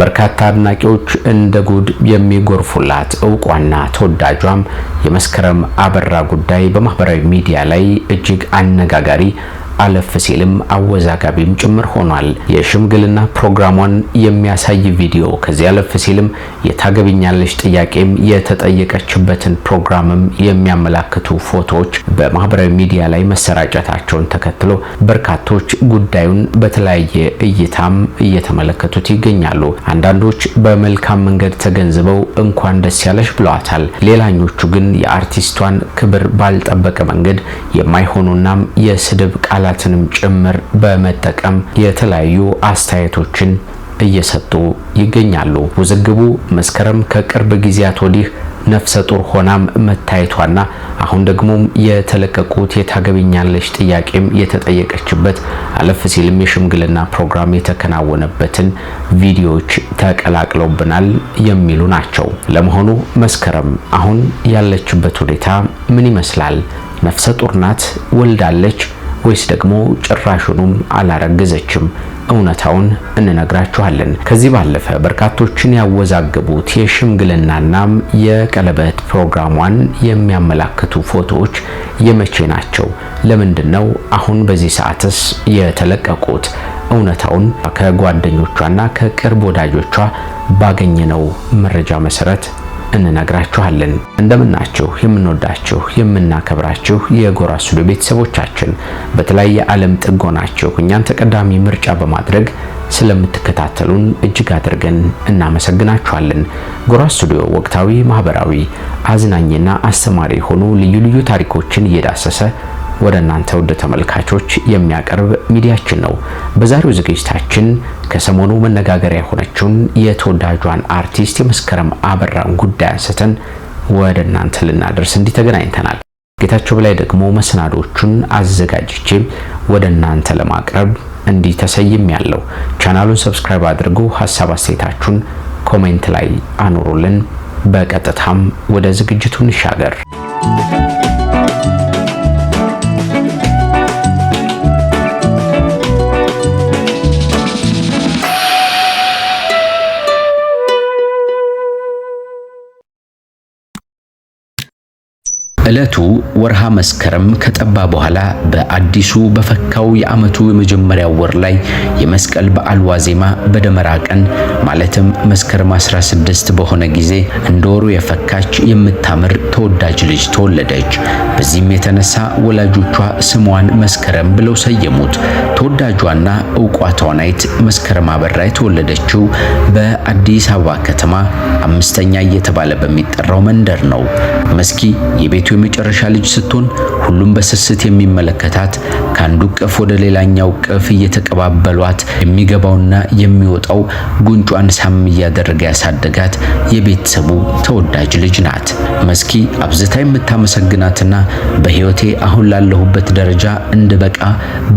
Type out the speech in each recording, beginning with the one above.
በርካታ አድናቂዎች እንደ ጉድ የሚጎርፉላት እውቋና ተወዳጇም የመስከረም አበራ ጉዳይ በማህበራዊ ሚዲያ ላይ እጅግ አነጋጋሪ አለፍ ሲልም አወዛጋቢም ጭምር ሆኗል። የሽምግልና ፕሮግራሟን የሚያሳይ ቪዲዮ ከዚህ አለፍ ሲልም የታገቢኛለሽ ጥያቄም የተጠየቀችበትን ፕሮግራምም የሚያመላክቱ ፎቶዎች በማህበራዊ ሚዲያ ላይ መሰራጨታቸውን ተከትሎ በርካቶች ጉዳዩን በተለያየ እይታም እየተመለከቱት ይገኛሉ። አንዳንዶች በመልካም መንገድ ተገንዝበው እንኳን ደስ ያለሽ ብለዋታል። ሌላኞቹ ግን የአርቲስቷን ክብር ባልጠበቀ መንገድ የማይሆኑናም የስድብ ቃላ ማጋራትንም ጭምር በመጠቀም የተለያዩ አስተያየቶችን እየሰጡ ይገኛሉ። ውዝግቡ መስከረም ከቅርብ ጊዜያት ወዲህ ነፍሰ ጡር ሆናም መታየቷና አሁን ደግሞ የተለቀቁት የታገቢኛለች ጥያቄም የተጠየቀችበት አለፍ ሲልም የሽምግልና ፕሮግራም የተከናወነበትን ቪዲዮዎች ተቀላቅለውብናል የሚሉ ናቸው። ለመሆኑ መስከረም አሁን ያለችበት ሁኔታ ምን ይመስላል? ነፍሰ ጡር ናት? ወልዳለች? ወይስ ደግሞ ጭራሹንም አላረገዘችም? እውነታውን እንነግራችኋለን። ከዚህ ባለፈ በርካቶችን ያወዛገቡት የሽምግልናናም የቀለበት ፕሮግራሟን የሚያመላክቱ ፎቶዎች የመቼ ናቸው? ለምንድን ነው አሁን በዚህ ሰዓትስ የተለቀቁት? እውነታውን ከጓደኞቿና ከቅርብ ወዳጆቿ ባገኘነው መረጃ መሰረት እንነግራችኋለን። እንደምናችሁ የምንወዳችሁ የምናከብራችሁ የጎራ ስቱዲዮ ቤተሰቦቻችን በተለያየ ዓለም ጥጎናችሁ እኛን ተቀዳሚ ምርጫ በማድረግ ስለምትከታተሉን እጅግ አድርገን እናመሰግናችኋለን። ጎራ ስቱዲዮ ወቅታዊ፣ ማህበራዊ፣ አዝናኝና አስተማሪ የሆኑ ልዩ ልዩ ታሪኮችን እየዳሰሰ ወደ እናንተ ውድ ተመልካቾች የሚያቀርብ ሚዲያችን ነው። በዛሬው ዝግጅታችን ከሰሞኑ መነጋገሪያ የሆነችውን የተወዳጇን አርቲስት የመስከረም አበራን ጉዳይ አንስተን ወደ እናንተ ልናደርስ እንዲህ ተገናኝተናል። ጌታቸው በላይ ደግሞ መሰናዶቹን አዘጋጅቼ ወደ እናንተ ለማቅረብ እንዲህ ተሰይም ያለው ቻናሉን ሰብስክራይብ አድርጉ። ሀሳብ አስተያየታችሁን ኮሜንት ላይ አኑሩልን። በቀጥታም ወደ ዝግጅቱ እንሻገር። ዕለቱ ወርሃ መስከረም ከጠባ በኋላ በአዲሱ በፈካው የዓመቱ የመጀመሪያው ወር ላይ የመስቀል በዓል ዋዜማ በደመራ ቀን ማለትም መስከረም 16 በሆነ ጊዜ እንደ ወሩ የፈካች የምታምር ተወዳጅ ልጅ ተወለደች። በዚህም የተነሳ ወላጆቿ ስሟን መስከረም ብለው ሰየሙት። ተወዳጇና ዕውቋ ተዋናይት መስከረም አበራ የተወለደችው በአዲስ አበባ ከተማ አምስተኛ እየተባለ በሚጠራው መንደር ነው። መስኪ የቤቱ የመጨረሻ ልጅ ስትሆን ሁሉም በስስት የሚመለከታት ከአንዱ ቅፍ ወደ ሌላኛው ቅፍ እየተቀባበሏት የሚገባውና የሚወጣው ጉንጯን ሳም እያደረገ ያሳደጋት የቤተሰቡ ተወዳጅ ልጅ ናት። መስኪ አብዝታ የምታመሰግናትና በሕይወቴ አሁን ላለሁበት ደረጃ እንድበቃ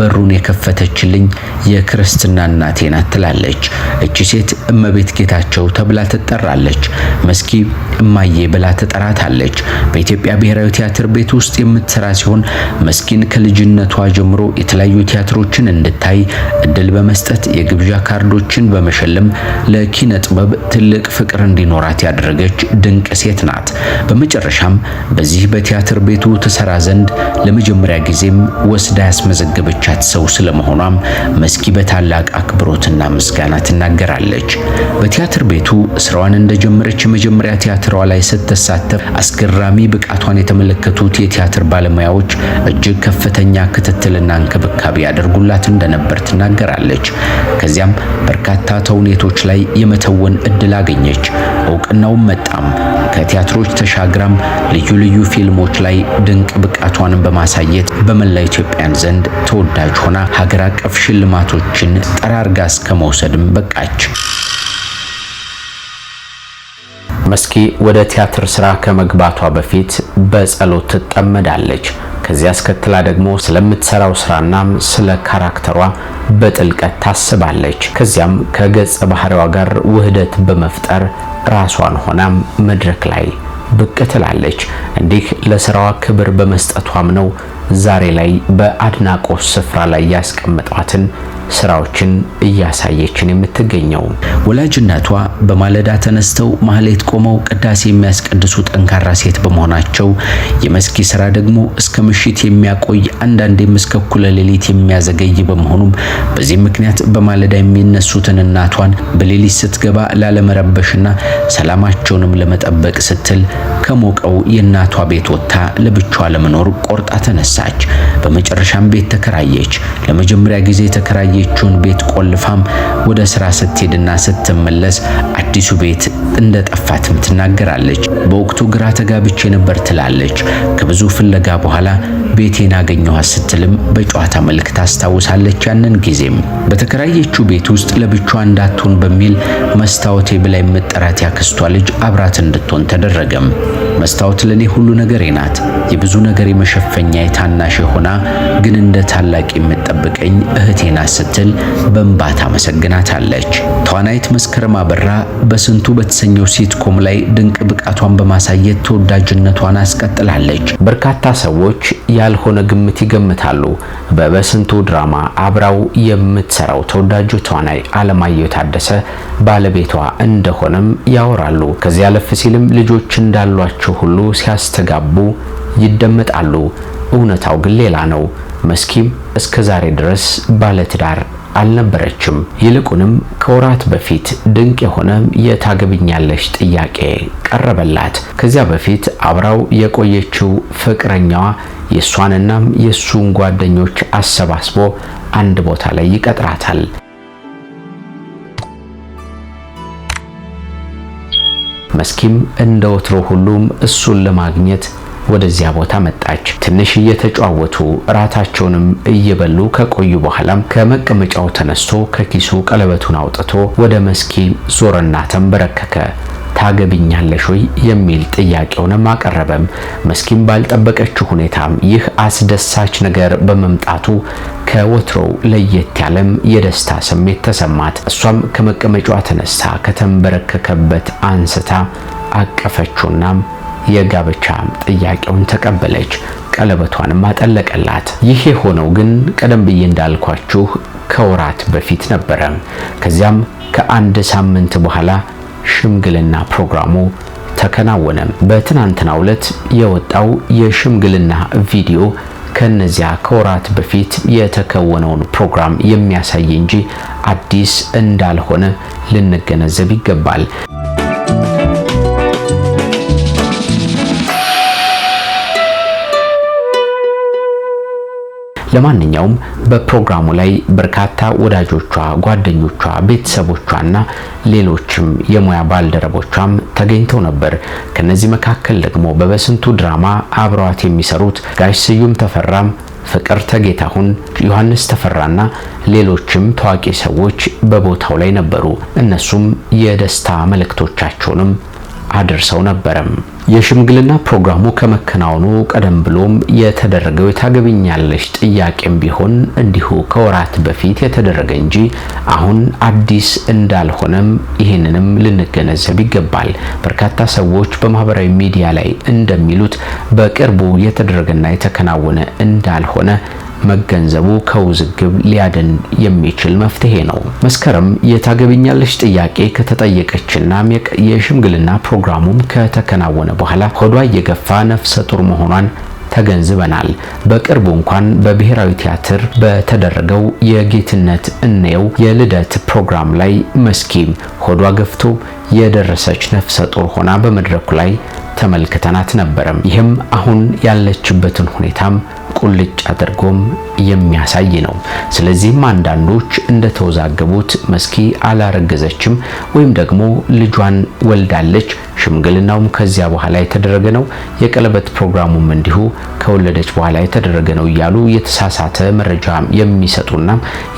በሩን የከፈተችልኝ የክርስትና እናቴ ናት ትላለች። እቺ ሴት እመቤት ጌታቸው ተብላ ትጠራለች። መስኪ እማዬ ብላ ትጠራታለች። በኢትዮጵያ ብሔራዊ ባህላዊ ቲያትር ቤት ውስጥ የምትሰራ ሲሆን መስኪን ከልጅነቷ ጀምሮ የተለያዩ ቲያትሮችን እንድታይ እድል በመስጠት የግብዣ ካርዶችን በመሸለም ለኪነ ጥበብ ትልቅ ፍቅር እንዲኖራት ያደረገች ድንቅ ሴት ናት። በመጨረሻም በዚህ በቲያትር ቤቱ ትሰራ ዘንድ ለመጀመሪያ ጊዜም ወስዳ ያስመዘገበቻት ሰው ስለመሆኗም መስኪ በታላቅ አክብሮትና ምስጋና ትናገራለች። በቲያትር ቤቱ ስራዋን እንደጀመረች የመጀመሪያ ቲያትሯ ላይ ስትሳተፍ አስገራሚ ብቃቷን የተመለከቱት የቲያትር ባለሙያዎች እጅግ ከፍተኛ ክትትልና እንክብካቤ ያደርጉላት እንደነበር ትናገራለች። ከዚያም በርካታ ተውኔቶች ላይ የመተወን እድል አገኘች፣ እውቅናውም መጣም። ከቲያትሮች ተሻግራም ልዩ ልዩ ፊልሞች ላይ ድንቅ ብቃቷን በማሳየት በመላ ኢትዮጵያን ዘንድ ተወዳጅ ሆና ሀገር አቀፍ ሽልማቶችን ጠራርጋ እስከ መውሰድም በቃች። መስኪ ወደ ቲያትር ስራ ከመግባቷ በፊት በጸሎት ትጠመዳለች። ከዚያ አስከትላ ደግሞ ስለምትሰራው ስራና ስለ ካራክተሯ በጥልቀት ታስባለች። ከዚያም ከገጸ ባህሪዋ ጋር ውህደት በመፍጠር ራሷን ሆና መድረክ ላይ ብቅ ትላለች። እንዲህ ለስራዋ ክብር በመስጠቷም ነው ዛሬ ላይ በአድናቆት ስፍራ ላይ ያስቀመጧትን ስራዎችን እያሳየችን የምትገኘው። ወላጅ እናቷ በማለዳ ተነስተው ማህሌት ቆመው ቅዳሴ የሚያስቀድሱ ጠንካራ ሴት በመሆናቸው የመስኪ ስራ ደግሞ እስከ ምሽት የሚያቆይ አንዳንዴም እስከ እኩለ ሌሊት የሚያዘገይ በመሆኑም በዚህ ምክንያት በማለዳ የሚነሱትን እናቷን በሌሊት ስትገባ ላለመረበሽና ሰላማቸውንም ለመጠበቅ ስትል ከሞቀው የና ከአባቷ ቤት ወጥታ ለብቻዋ ለመኖር ቆርጣ ተነሳች። በመጨረሻም ቤት ተከራየች። ለመጀመሪያ ጊዜ የተከራየችውን ቤት ቆልፋም ወደ ስራ ስትሄድና ስትመለስ አዲሱ ቤት እንደጠፋትም ትናገራለች። በወቅቱ ግራ ተጋብቼ ነበር ትላለች። ከብዙ ፍለጋ በኋላ ቤቴን አገኘኋት ስትልም በጨዋታ መልክ ታስታውሳለች። ያንን ጊዜም በተከራየችው ቤት ውስጥ ለብቻዋ እንዳትሆን በሚል መስታወቴ ብላ የምጠራት ያክስቷ ልጅ አብራት እንድትሆን ተደረገም። መስታወት ለኔ ሁሉ ነገሬ ናት። የብዙ ነገር የመሸፈኛ የታናሽ ሆና ግን እንደ ታላቅ የምትጠብቀኝ እህቴ ናት ስትል በእንባ ታመሰግናታለች። ተዋናይት መስከረም አበራ በስንቱ በተሰኘው ሲትኮም ላይ ድንቅ ብቃቷን በማሳየት ተወዳጅነቷን አስቀጥላለች። በርካታ ሰዎች ያልሆነ ግምት ይገምታሉ። በበስንቱ ድራማ አብራው የምትሰራው ተወዳጁ ተዋናይ አለማየሁ ታደሰ ባለቤቷ እንደሆነም ያወራሉ። ከዚያ አለፍ ሲልም ልጆች እንዳሏቸው ሁሉ ሲያስተጋቡ ይደመጣሉ። እውነታው ግን ሌላ ነው። መስኪም እስከ ዛሬ ድረስ ባለትዳር አልነበረችም። ይልቁንም ከወራት በፊት ድንቅ የሆነ የታገብኛለሽ ጥያቄ ቀረበላት። ከዚያ በፊት አብራው የቆየችው ፍቅረኛዋ የእሷንና የእሱን ጓደኞች አሰባስቦ አንድ ቦታ ላይ ይቀጥራታል። መስኪም እንደ ወትሮ ሁሉም እሱን ለማግኘት ወደዚያ ቦታ መጣች። ትንሽ እየተጫወቱ እራታቸውንም እየበሉ ከቆዩ በኋላም ከመቀመጫው ተነስቶ ከኪሱ ቀለበቱን አውጥቶ ወደ መስኪን ዞረና ተንበረከከ። ታገብኛለሽ ወይ የሚል ጥያቄውንም አቀረበም። መስኪን ባልጠበቀችው ሁኔታም ይህ አስደሳች ነገር በመምጣቱ ከወትሮው ለየት ያለም የደስታ ስሜት ተሰማት። እሷም ከመቀመጫዋ ተነሳ ከተንበረከከበት አንስታ አቀፈችውናም የጋብቻ ጥያቄውን ተቀበለች፣ ቀለበቷንም አጠለቀላት። ይሄ የሆነው ግን ቀደም ብዬ እንዳልኳችሁ ከወራት በፊት ነበረ። ከዚያም ከአንድ ሳምንት በኋላ ሽምግልና ፕሮግራሙ ተከናወነ። በትናንትናው ዕለት የወጣው የሽምግልና ቪዲዮ ከነዚያ ከወራት በፊት የተከወነውን ፕሮግራም የሚያሳይ እንጂ አዲስ እንዳልሆነ ልንገነዘብ ይገባል። ለማንኛውም በፕሮግራሙ ላይ በርካታ ወዳጆቿ፣ ጓደኞቿ፣ ቤተሰቦቿና ሌሎችም የሙያ ባልደረቦቿም ተገኝተው ነበር። ከነዚህ መካከል ደግሞ በበስንቱ ድራማ አብረዋት የሚሰሩት ጋሽ ስዩም ተፈራም ፍቅር ተጌታሁን ዮሐንስ ተፈራና ሌሎችም ታዋቂ ሰዎች በቦታው ላይ ነበሩ። እነሱም የደስታ መልእክቶቻቸውንም አድርሰው ነበረም። የሽምግልና ፕሮግራሙ ከመከናወኑ ቀደም ብሎም የተደረገው የታገብኛለሽ ጥያቄም ቢሆን እንዲሁ ከወራት በፊት የተደረገ እንጂ አሁን አዲስ እንዳልሆነም ይህንንም ልንገነዘብ ይገባል። በርካታ ሰዎች በማህበራዊ ሚዲያ ላይ እንደሚሉት በቅርቡ የተደረገና የተከናወነ እንዳልሆነ መገንዘቡ ከውዝግብ ሊያድን የሚችል መፍትሄ ነው። መስከረም የታገብኛለች ጥያቄ ከተጠየቀችና የሽምግልና ፕሮግራሙም ከተከናወነ በኋላ ሆዷ እየገፋ ነፍሰ ጡር መሆኗን ተገንዝበናል። በቅርቡ እንኳን በብሔራዊ ቲያትር በተደረገው የጌትነት እንየው የልደት ፕሮግራም ላይ መስኪም ሆዷ ገፍቶ የደረሰች ነፍሰ ጡር ሆና በመድረኩ ላይ ተመልክተናት ነበረም። ይህም አሁን ያለችበትን ሁኔታም ቁልጭ አድርጎም የሚያሳይ ነው። ስለዚህም አንዳንዶች እንደተወዛገቡት መስኪ አላረገዘችም ወይም ደግሞ ልጇን ወልዳለች፣ ሽምግልናውም ከዚያ በኋላ የተደረገ ነው፣ የቀለበት ፕሮግራሙም እንዲሁ ከወለደች በኋላ የተደረገ ነው እያሉ የተሳሳተ መረጃ የሚሰጡና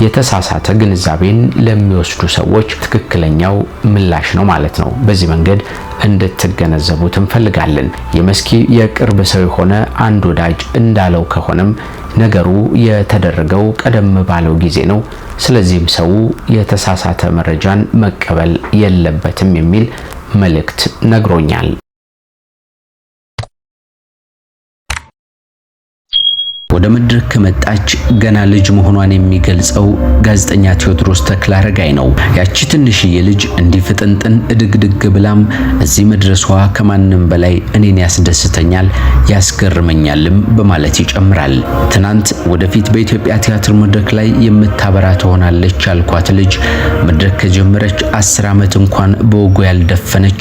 የተሳሳተ ግንዛቤን ለሚወስዱ ሰዎች ትክክለኛው ምላሽ ነው ማለት ነው። በዚህ መንገድ እንድትገነዘቡት እንፈልጋለን። የመስኪ የቅርብ ሰው የሆነ አንድ ወዳጅ እንዳለው ከሆነም ነገሩ የተደረገው ቀደም ባለው ጊዜ ነው። ስለዚህም ሰው የተሳሳተ መረጃን መቀበል የለበትም የሚል መልእክት ነግሮኛል። ወደ ምድር ከመጣች ገና ልጅ መሆኗን የሚገልጸው ጋዜጠኛ ቴዎድሮስ ተክለ አረጋይ ነው። ያቺ ትንሽዬ ልጅ እንዲህ ፍጥንጥን እድግድግ ብላም እዚህ መድረሷ ከማንም በላይ እኔን ያስደስተኛል ያስገርመኛልም በማለት ይጨምራል። ትናንት ወደፊት በኢትዮጵያ ቲያትር መድረክ ላይ የምታበራ ትሆናለች ያልኳት ልጅ መድረክ ከጀመረች አስር ዓመት እንኳን በወጉ ያልደፈነች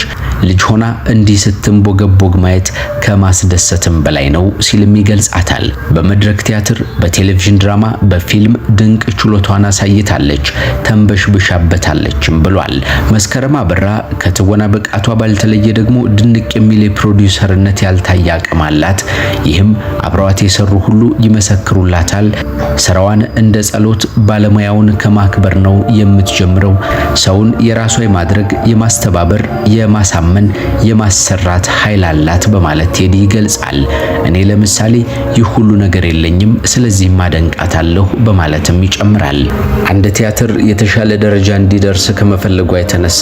ልጅ ሆና እንዲህ ስትንቦገቦግ ማየት ከማስደሰትም በላይ ነው ሲልም ይገልጻታል። በመድረ በመድረክ ቲያትር፣ በቴሌቪዥን ድራማ፣ በፊልም ድንቅ ችሎቷን አሳይታለች፣ ተንበሽብሻበታለችም ብሏል። መስከረም አበራ ከትወና ብቃቷ ባልተለየ ደግሞ ድንቅ የሚል የፕሮዲውሰርነት ያልታየ አቅም አላት። ይህም አብረዋት የሰሩ ሁሉ ይመሰክሩላታል። ስራዋን እንደ ጸሎት ባለሙያውን ከማክበር ነው የምትጀምረው። ሰውን የራሷ የማድረግ የማስተባበር፣ የማሳመን፣ የማሰራት ኃይል አላት በማለት ቴዲ ይገልጻል። እኔ ለምሳሌ ይህ ሁሉ ነገር የለኝም፣ ስለዚህ ማደንቃታለሁ በማለትም ይጨምራል። አንድ ቲያትር የተሻለ ደረጃ እንዲደርስ ከመፈለጓ የተነሳ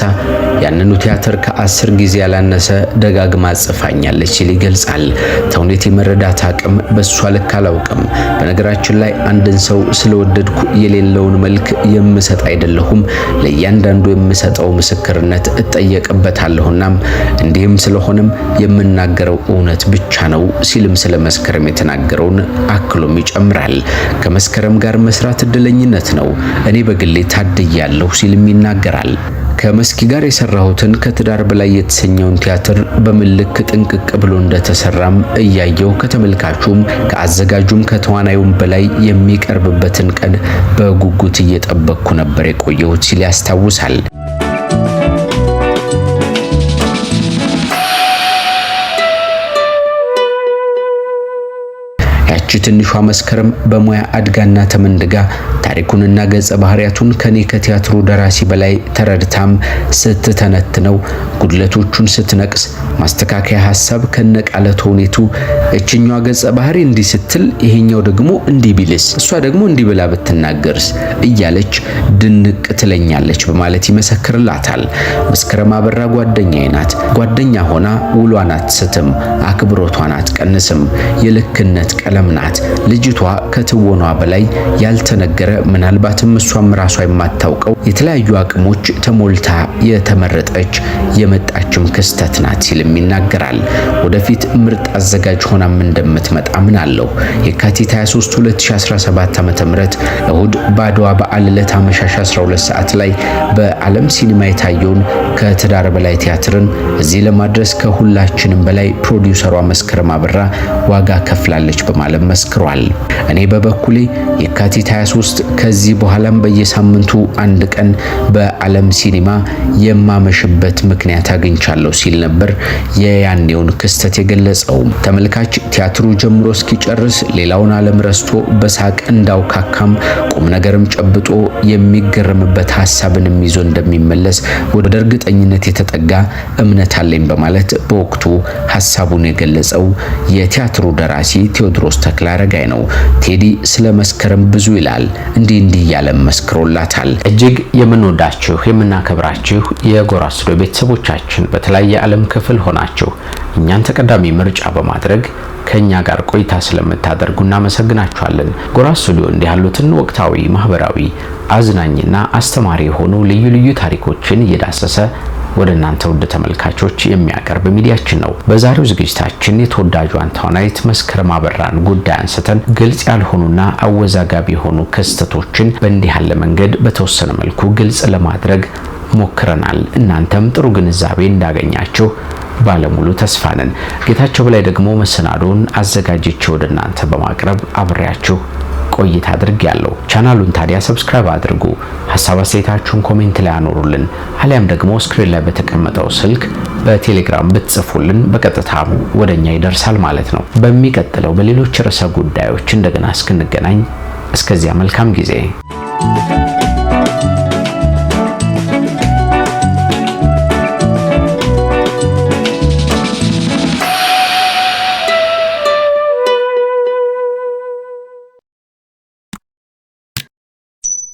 ያንኑ ቲያትር ከአስር ጊዜ ያላነሰ ደጋግማ ጽፋኛለች ሲል ይገልጻል። ተውኔት የመረዳት አቅም በእሷ ልክ አላውቅም። በነገራችን ላይ አንድን ሰው ስለወደድኩ የሌለውን መልክ የምሰጥ አይደለሁም። ለእያንዳንዱ የምሰጠው ምስክርነት እጠየቅበታለሁናም እንዲህም ስለሆነም የምናገረው እውነት ብቻ ነው ሲልም ስለ መስከረም የተናገረውን ተበክሎም ይጨምራል። ከመስከረም ጋር መስራት እድለኝነት ነው፣ እኔ በግሌ ታድያለሁ ሲልም ይናገራል። ከመስኪ ጋር የሰራሁትን ከትዳር በላይ የተሰኘውን ቲያትር በምልክ ጥንቅቅ ብሎ እንደተሰራም እያየው ከተመልካቹም ከአዘጋጁም ከተዋናዩም በላይ የሚቀርብበትን ቀን በጉጉት እየጠበቅኩ ነበር የቆየሁት ሲል ያስታውሳል። ትንሿ መስከረም በሙያ አድጋና ተመንድጋ ታሪኩንና ገጸ ባህሪያቱን ከኔ ከቲያትሩ ደራሲ በላይ ተረድታም ስትተነትነው ጉድለቶቹን ስትነቅስ ማስተካከያ ሀሳብ ከነ ቃለ ተውኔቱ እችኛዋ ገጸ ባህሪ እንዲህ ስትል ይሄኛው ደግሞ እንዲህ ቢልስ እሷ ደግሞ እንዲህ ብላ ብትናገርስ እያለች ድንቅ ትለኛለች በማለት ይመሰክርላታል። መስከረም አበራ ጓደኛዬ ናት። ጓደኛ ሆና ውሏን አትስትም፣ አክብሮቷን አትቀንስም፣ የልክነት ቀለም ናት። ልጅቷ ከትወኗ በላይ ያልተነገረ ምናልባትም እሷም ራሷ የማታውቀው የተለያዩ አቅሞች ተሞልታ የተመረጠች የመጣችም ክስተት ናት ሲል እንደሚችልም ይናገራል። ወደፊት ምርጥ አዘጋጅ ሆናም እንደምትመጣ ምን የካቲት 23 2017 ዓ.ም እሁድ በአድዋ በዓል ዕለት አመሻሽ 12 ሰዓት ላይ በዓለም ሲኒማ የታየውን ከትዳር በላይ ቲያትርን እዚህ ለማድረስ ከሁላችንም በላይ ፕሮዲውሰሯ መስከረም አበራ ዋጋ ከፍላለች በማለት መስክሯል። እኔ በበኩሌ የካቲት 23 ከዚህ በኋላም በየሳምንቱ አንድ ቀን በዓለም ሲኒማ የማመሽበት ምክንያት አግኝቻለሁ ሲል ነበር የያኔውን ክስተት የገለጸውም ተመልካች ቲያትሩ ጀምሮ እስኪጨርስ ሌላውን ዓለም ረስቶ በሳቅ እንዳውካካም ቁም ነገርም ጨብጦ የሚገረምበት ሀሳብንም ይዞ እንደሚመለስ ወደ እርግጠኝነት የተጠጋ እምነት አለኝ በማለት በወቅቱ ሀሳቡን የገለጸው የቲያትሩ ደራሲ ቴዎድሮስ ተክለአረጋይ ነው። ቴዲ ስለ መስከረም ብዙ ይላል። እንዲህ እንዲህ እያለ መስክሮላታል። እጅግ የምንወዳችሁ የምናከብራችሁ የጎራ ስቱዲዮ ቤተሰቦቻችን በተለያየ ዓለም ክፍል ስለሆናችሁ እኛን ተቀዳሚ ምርጫ በማድረግ ከኛ ጋር ቆይታ ስለምታደርጉ እናመሰግናችኋለን። ጎራ ስቱዲዮ እንዲህ ያሉትን ወቅታዊ፣ ማህበራዊ፣ አዝናኝና አስተማሪ የሆኑ ልዩ ልዩ ታሪኮችን እየዳሰሰ ወደ እናንተ ውድ ተመልካቾች የሚያቀርብ ሚዲያችን ነው። በዛሬው ዝግጅታችን የተወዳጇን ተዋናይት መስከረም አበራን ጉዳይ አንስተን ግልጽ ያልሆኑና አወዛጋቢ የሆኑ ክስተቶችን በእንዲህ ያለ መንገድ በተወሰነ መልኩ ግልጽ ለማድረግ ሞክረናል። እናንተም ጥሩ ግንዛቤ እንዳገኛችሁ ባለሙሉ ተስፋ ነን። ጌታቸው በላይ ደግሞ መሰናዶውን አዘጋጅቼ ወደ እናንተ በማቅረብ አብሬያችሁ ቆይታ አድርግ ያለው ቻናሉን ታዲያ ሰብስክራይብ አድርጉ። ሀሳብ አስተያየታችሁን ኮሜንት ላይ አኖሩልን፣ አሊያም ደግሞ ስክሪን ላይ በተቀመጠው ስልክ በቴሌግራም ብትጽፉልን በቀጥታ ወደ እኛ ይደርሳል ማለት ነው። በሚቀጥለው በሌሎች ርዕሰ ጉዳዮች እንደገና እስክንገናኝ እስከዚያ መልካም ጊዜ